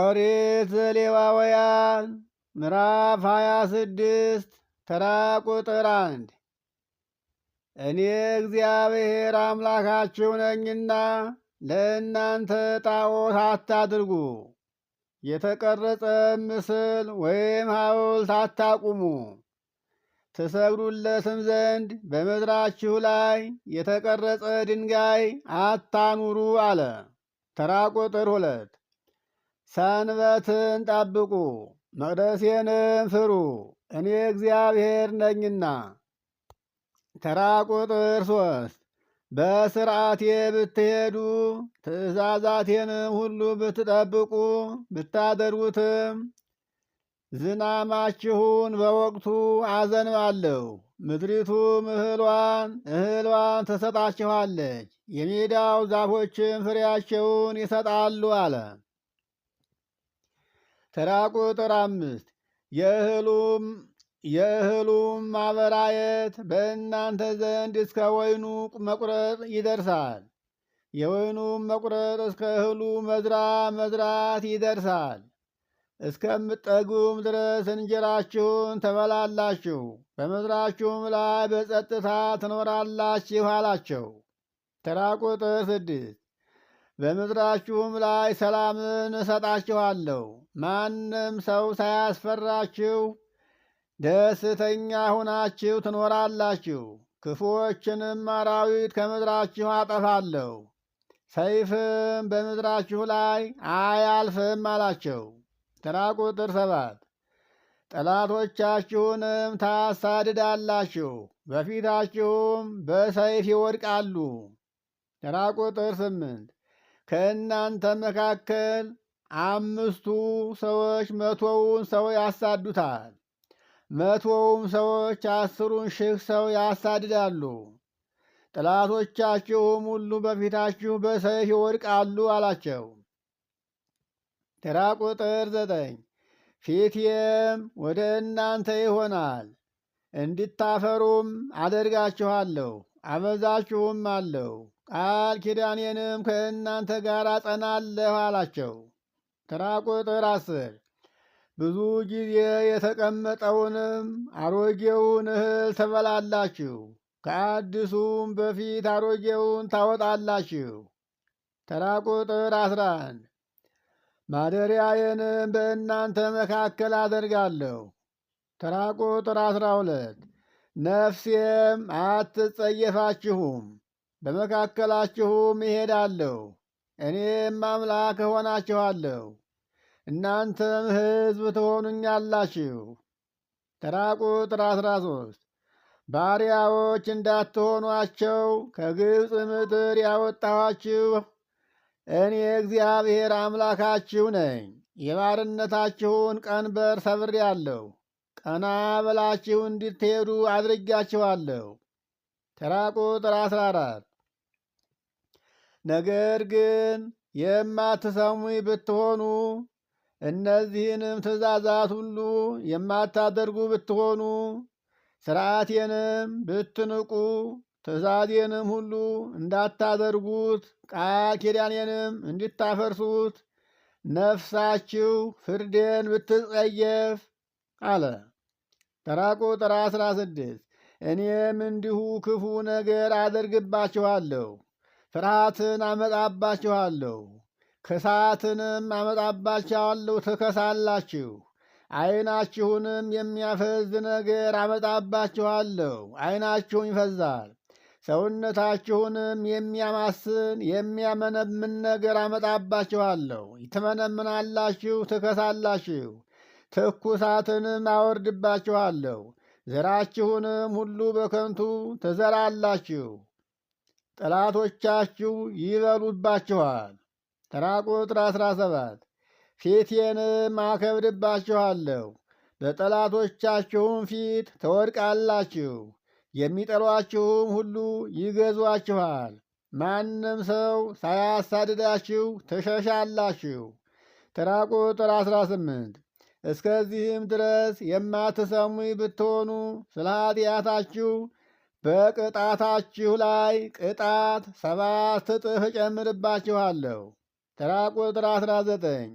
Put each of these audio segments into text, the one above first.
ኦሪት ዘሌዋውያን ምዕራፍ ሃያ ስድስት ተራ ቁጥር አንድ እኔ እግዚአብሔር አምላካችሁ ነኝና ለእናንተ ጣዖት አታድርጉ፣ የተቀረጸ ምስል ወይም ሐውልት አታቁሙ። ትሰግዱለትም ዘንድ በምድራችሁ ላይ የተቀረጸ ድንጋይ አታኑሩ አለ። ተራ ቁጥር ሁለት ሰንበትን ጠብቁ፣ መቅደሴንም ፍሩ፣ እኔ እግዚአብሔር ነኝና። ተራ ቁጥር ሶስት በስርዓቴ ብትሄዱ ትእዛዛቴንም ሁሉ ብትጠብቁ ብታደርጉትም ዝናማችሁን በወቅቱ አዘንባለሁ፣ ምድሪቱም እህሏን እህሏን ትሰጣችኋለች፣ የሜዳው ዛፎችም ፍሬያቸውን ይሰጣሉ አለ። ተራ ቁጥር አምስት የእህሉም የእህሉም ማበራየት በእናንተ ዘንድ እስከ ወይኑ መቁረጥ ይደርሳል። የወይኑም መቁረጥ እስከ እህሉ መዝራ መዝራት ይደርሳል። እስከምጠጉም ድረስ እንጀራችሁን ትበላላችሁ፣ በምድራችሁም ላይ በጸጥታ ትኖራላችሁ አላቸው። ተራ ቁጥር ስድስት በምድራችሁም ላይ ሰላምን እሰጣችኋለሁ። ማንም ሰው ሳያስፈራችሁ ደስተኛ ሆናችሁ ትኖራላችሁ። ክፉዎችንም አራዊት ከምድራችሁ አጠፋለሁ፣ ሰይፍም በምድራችሁ ላይ አያልፍም አላቸው። ተራ ቁጥር ሰባት ጠላቶቻችሁንም ታሳድዳላችሁ፣ በፊታችሁም በሰይፍ ይወድቃሉ። ተራ ቁጥር ስምንት ከእናንተ መካከል አምስቱ ሰዎች መቶውን ሰው ያሳዱታል፣ መቶውም ሰዎች አስሩን ሺህ ሰው ያሳድዳሉ። ጠላቶቻችሁም ሁሉ በፊታችሁ በሰይፍ ይወድቃሉ አላቸው። ተራ ቁጥር ዘጠኝ ፊቴም ወደ እናንተ ይሆናል፣ እንዲታፈሩም አደርጋችኋለሁ፣ አበዛችሁም አለው ቃል ኪዳኔንም ከእናንተ ጋር አጸናለሁ አላቸው። ተራ ቁጥር አስር ብዙ ጊዜ የተቀመጠውንም አሮጌውን እህል ትበላላችሁ፣ ከአዲሱም በፊት አሮጌውን ታወጣላችሁ። ተራ ቁጥር አስራ አንድ ማደሪያዬንም በእናንተ መካከል አደርጋለሁ። ተራ ቁጥር አስራ ሁለት ነፍሴም አትጸየፋችሁም በመካከላችሁም እሄዳለሁ፣ እኔም አምላክ እሆናችኋለሁ፣ እናንተም ሕዝብ ትሆኑኛላችሁ። ተራ ቁጥር አስራ ሶስት ባሪያዎች እንዳትሆኗቸው ከግብፅ ምድር ያወጣኋችሁ እኔ እግዚአብሔር አምላካችሁ ነኝ። የባርነታችሁን ቀንበር ሰብሬአለሁ፣ ቀና ብላችሁ እንድትሄዱ አድርጊያችኋለሁ። ተራ ቁጥር አስራ አራት ነገር ግን የማትሰሙ ብትሆኑ እነዚህንም ትእዛዛት ሁሉ የማታደርጉ ብትሆኑ ስርዓቴንም ብትንቁ ትእዛዜንም ሁሉ እንዳታደርጉት ቃል ኪዳኔንም እንድታፈርሱት ነፍሳችሁ ፍርዴን ብትጸየፍ አለ። ተራ ቁጥር አስራ ስድስት እኔም እንዲሁ ክፉ ነገር አደርግባችኋለሁ ፍርሃትን አመጣባችኋለሁ፣ ክሳትንም አመጣባችኋለሁ። ትከሳላችሁ፣ ዐይናችሁንም የሚያፈዝ ነገር አመጣባችኋለሁ። ዐይናችሁም ይፈዛል። ሰውነታችሁንም የሚያማስን የሚያመነምን ነገር አመጣባችኋለሁ። ትመነምናላችሁ፣ ትከሳላችሁ። ትኩሳትንም አወርድባችኋለሁ። ዘራችሁንም ሁሉ በከንቱ ትዘራላችሁ። ጠላቶቻችሁ ይበሉባችኋል። ተራ ቁጥር አስራ ሰባት ፊቴንም አከብድባችኋለሁ፣ በጠላቶቻችሁም ፊት ተወድቃላችሁ። የሚጠሏችሁም ሁሉ ይገዟችኋል። ማንም ሰው ሳያሳድዳችሁ ትሸሻላችሁ። ተራ ቁጥር 18 ስምንት እስከዚህም ድረስ የማትሰሙኝ ብትሆኑ ስለ ኃጢአታችሁ በቅጣታችሁ ላይ ቅጣት ሰባት እጥፍ እጨምርባችኋለሁ። ተራ ቁጥር አስራ ዘጠኝ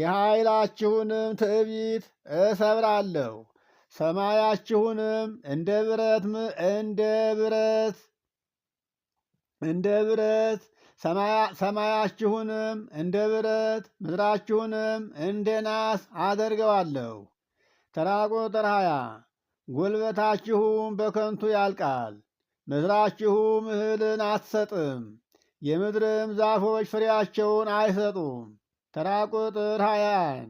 የኃይላችሁንም ትዕቢት እሰብራለሁ፣ ሰማያችሁንም እንደ ብረት እንደ ብረት እንደ ብረት ሰማያችሁንም እንደ ብረት ምድራችሁንም እንደ ናስ አደርገዋለሁ። ተራ ቁጥር ሃያ ጉልበታችሁም በከንቱ ያልቃል፣ ምድራችሁም እህልን አትሰጥም፣ የምድርም ዛፎች ፍሬያቸውን አይሰጡም። ተራ ቁጥር ሀያን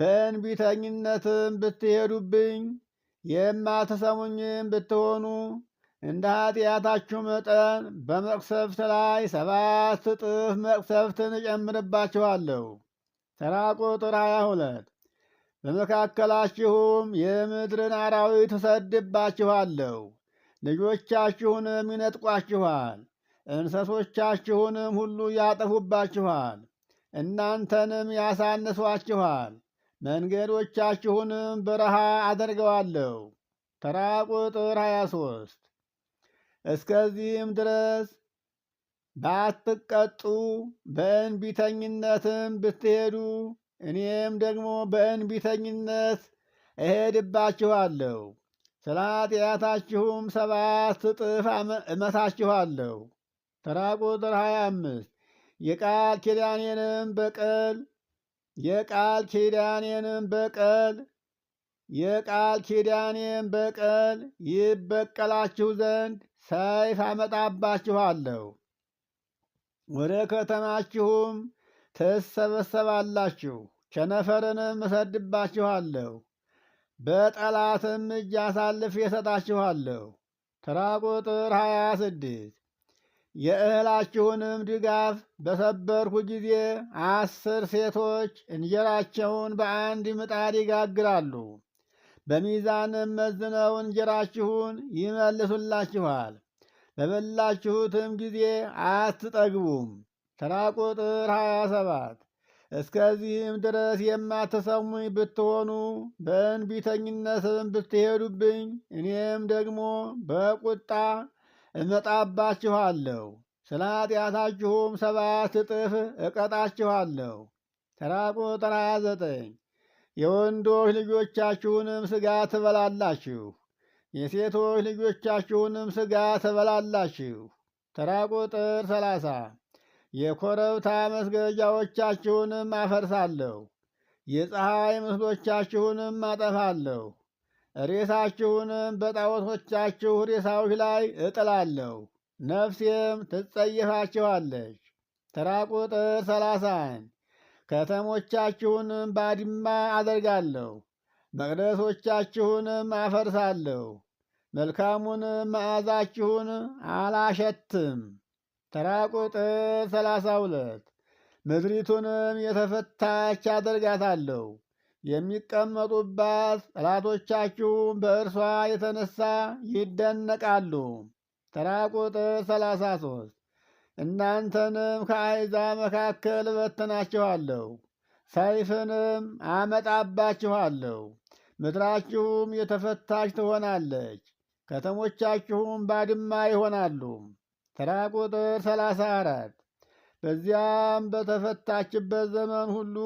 በእንቢተኝነትም ብትሄዱብኝ የማትሰሙኝም ብትሆኑ እንደ ኃጢአታችሁ መጠን በመቅሰፍት ላይ ሰባት እጥፍ መቅሰፍትን እጨምርባችኋለሁ። ተራ ቁጥር ሀያ ሁለት በመካከላችሁም የምድርን አራዊት እሰድባችኋለሁ፣ ልጆቻችሁንም ይነጥቋችኋል፣ እንሰሶቻችሁንም ሁሉ ያጠፉባችኋል፣ እናንተንም ያሳንሷችኋል፣ መንገዶቻችሁንም በረሃ አደርገዋለሁ። ተራ ቁጥር 23 እስከዚህም ድረስ ባትቀጡ በእንቢተኝነትም ብትሄዱ እኔም ደግሞ በእንቢተኝነት እሄድባችኋለሁ፣ ስለ ኃጢአታችሁም ሰባት እጥፍ እመታችኋለሁ። ተራ ቁጥር 25 የቃል ኪዳኔንም በቀል የቃል ኪዳኔንም በቀል የቃል ኪዳኔን በቀል ይበቀላችሁ ዘንድ ሰይፍ አመጣባችኋለሁ ወደ ከተማችሁም ትሰበሰባላችሁ፣ ቸነፈርንም እሰድባችኋለሁ፣ በጠላትም እጅ አሳልፌ እሰጣችኋለሁ። ተራ ቁጥር 26 ስድስት የእህላችሁንም ድጋፍ በሰበርኩ ጊዜ አስር ሴቶች እንጀራቸውን በአንድ ምጣድ ይጋግራሉ፣ በሚዛንም መዝነው እንጀራችሁን ይመልሱላችኋል። በበላችሁትም ጊዜ አትጠግቡም። ተራ ቁጥር 27 እስከዚህም ድረስ የማትሰሙኝ ብትሆኑ በእንቢተኝነትም ብትሄዱብኝ እኔም ደግሞ በቁጣ እመጣባችኋለሁ ስለ ኃጢአታችሁም ሰባት እጥፍ እቀጣችኋለሁ። ተራ ቁጥር 29 የወንዶች ልጆቻችሁንም ሥጋ ትበላላችሁ፣ የሴቶች ልጆቻችሁንም ሥጋ ትበላላችሁ። ተራ ቁጥር 30 የኮረብታ መስገጃዎቻችሁንም አፈርሳለሁ፣ የፀሐይ ምስሎቻችሁንም አጠፋለሁ፣ ሬሳችሁንም በጣዖቶቻችሁ ሬሳዎች ላይ እጥላለሁ። ነፍሴም ትጸየፋችኋለች። ተራ ቁጥር ሰላሳን ከተሞቻችሁንም ባድማ አደርጋለሁ፣ መቅደሶቻችሁንም አፈርሳለሁ፣ መልካሙንም መዓዛችሁን አላሸትም። ተራ ቁጥር ሰላሳ ሁለት ምድሪቱንም የተፈታች አደርጋታለሁ። የሚቀመጡባት ጠላቶቻችሁም በእርሷ የተነሳ ይደነቃሉ። ተራ ቁጥር ሰላሳ ሶስት እናንተንም ከአይዛ መካከል እበትናችኋለሁ፣ ሰይፍንም አመጣባችኋለሁ። ምድራችሁም የተፈታች ትሆናለች፣ ከተሞቻችሁም ባድማ ይሆናሉ። ተራ ቁጥር 34 በዚያም በተፈታችበት ዘመን ሁሉ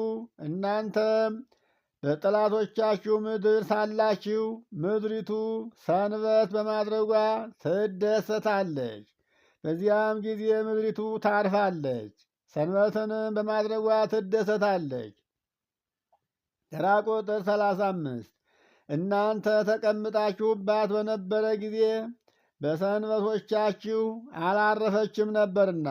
እናንተም በጠላቶቻችሁ ምድር ሳላችሁ ምድሪቱ ሰንበት በማድረጓ ትደሰታለች። በዚያም ጊዜ ምድሪቱ ታርፋለች፣ ሰንበትንም በማድረጓ ትደሰታለች። ተራ ቁጥር ሰላሳ እናንተ ተቀምጣችሁባት በነበረ ጊዜ በሰንበቶቻችሁ አላረፈችም ነበርና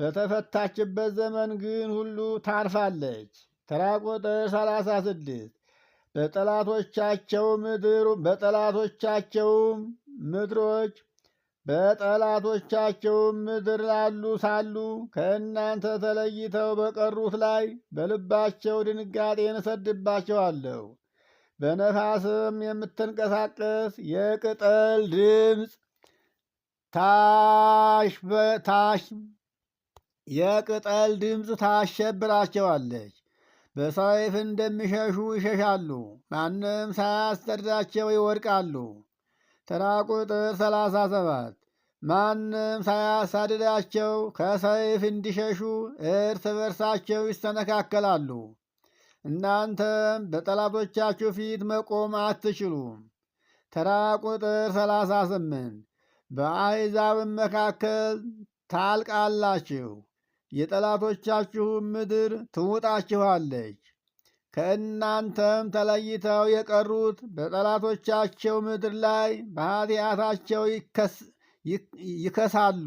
በተፈታችበት ዘመን ግን ሁሉ ታርፋለች። ተራ ቁጥር በጠላቶቻቸው ምድር በጠላቶቻቸውም ምድሮች በጠላቶቻቸውም ምድር ላሉ ሳሉ ከእናንተ ተለይተው በቀሩት ላይ በልባቸው ድንጋጤን እሰድባቸዋለሁ። በነፋስም የምትንቀሳቀስ የቅጠል ድምፅ ታሽ የቅጠል ድምፅ ታሸብራቸዋለች። በሰይፍ እንደሚሸሹ ይሸሻሉ፣ ማንም ሳያስጠርዳቸው ይወድቃሉ። ተራ ቁጥር 37 ማንም ሳያሳድዳቸው ከሰይፍ እንዲሸሹ እርስ በርሳቸው ይሰነካከላሉ። እናንተም በጠላቶቻችሁ ፊት መቆም አትችሉም። ተራ ቁጥር 38 በአሕዛብም መካከል ታልቃላችሁ፣ የጠላቶቻችሁም ምድር ትውጣችኋለች። ከእናንተም ተለይተው የቀሩት በጠላቶቻቸው ምድር ላይ በኃጢአታቸው ይከሳሉ፣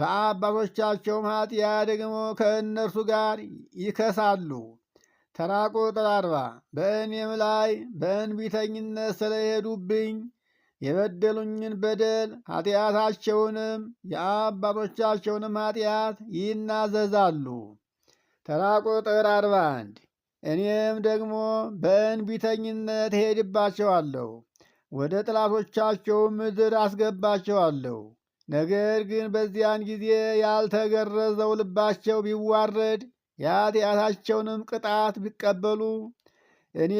በአባቶቻቸውም ኀጢአት ደግሞ ከእነርሱ ጋር ይከሳሉ። ተራቆ ጠራርባ! በእኔም ላይ በእንቢተኝነት ስለሄዱብኝ የበደሉኝን በደል ኃጢአታቸውንም የአባቶቻቸውንም ኃጢአት ይናዘዛሉ። ተራ ቁጥር አርባ እኔም ደግሞ በእንቢተኝነት ሄድባቸዋለሁ፣ ወደ ጥላቶቻቸው ምድር አስገባቸዋለሁ። ነገር ግን በዚያን ጊዜ ያልተገረዘው ልባቸው ቢዋረድ የኃጢአታቸውንም ቅጣት ቢቀበሉ እኔ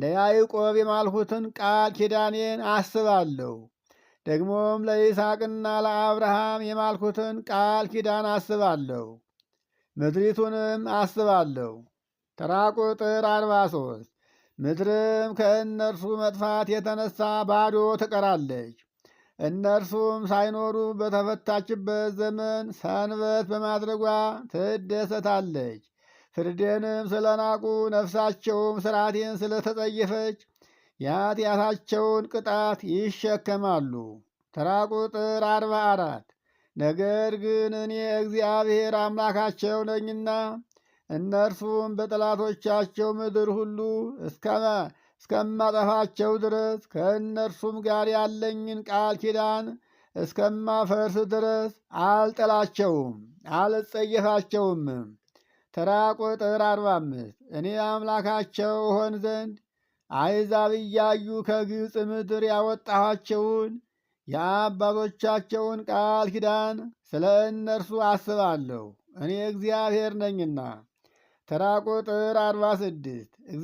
ለያዕቆብ የማልሁትን ቃል ኪዳኔን አስባለሁ። ደግሞም ለይስሐቅና ለአብርሃም የማልኩትን ቃል ኪዳን አስባለሁ። ምድሪቱንም አስባለሁ። ተራ ቁጥር አርባ ሶስት ምድርም ከእነርሱ መጥፋት የተነሳ ባዶ ትቀራለች። እነርሱም ሳይኖሩ በተፈታችበት ዘመን ሰንበት በማድረጓ ትደሰታለች። ፍርድንም ስለናቁ ነፍሳቸውም ስርዓቴን ስለተጸየፈች የኃጢአታቸውን ቅጣት ይሸከማሉ። ተራ ቁጥር አርባ አራት ነገር ግን እኔ እግዚአብሔር አምላካቸው ነኝና እነርሱም በጠላቶቻቸው ምድር ሁሉ እስከማጠፋቸው ድረስ ከእነርሱም ጋር ያለኝን ቃል ኪዳን እስከማፈርስ ድረስ አልጠላቸውም፣ አልጸየፋቸውም። ተራ ቁጥር 45 እኔ አምላካቸው ሆን ዘንድ አሕዛብ እያዩ ከግብፅ ምድር ያወጣኋቸውን የአባቶቻቸውን ቃል ኪዳን ስለ እነርሱ አስባለሁ። እኔ እግዚአብሔር ነኝና። ተራ ቁጥር 46 ስድስት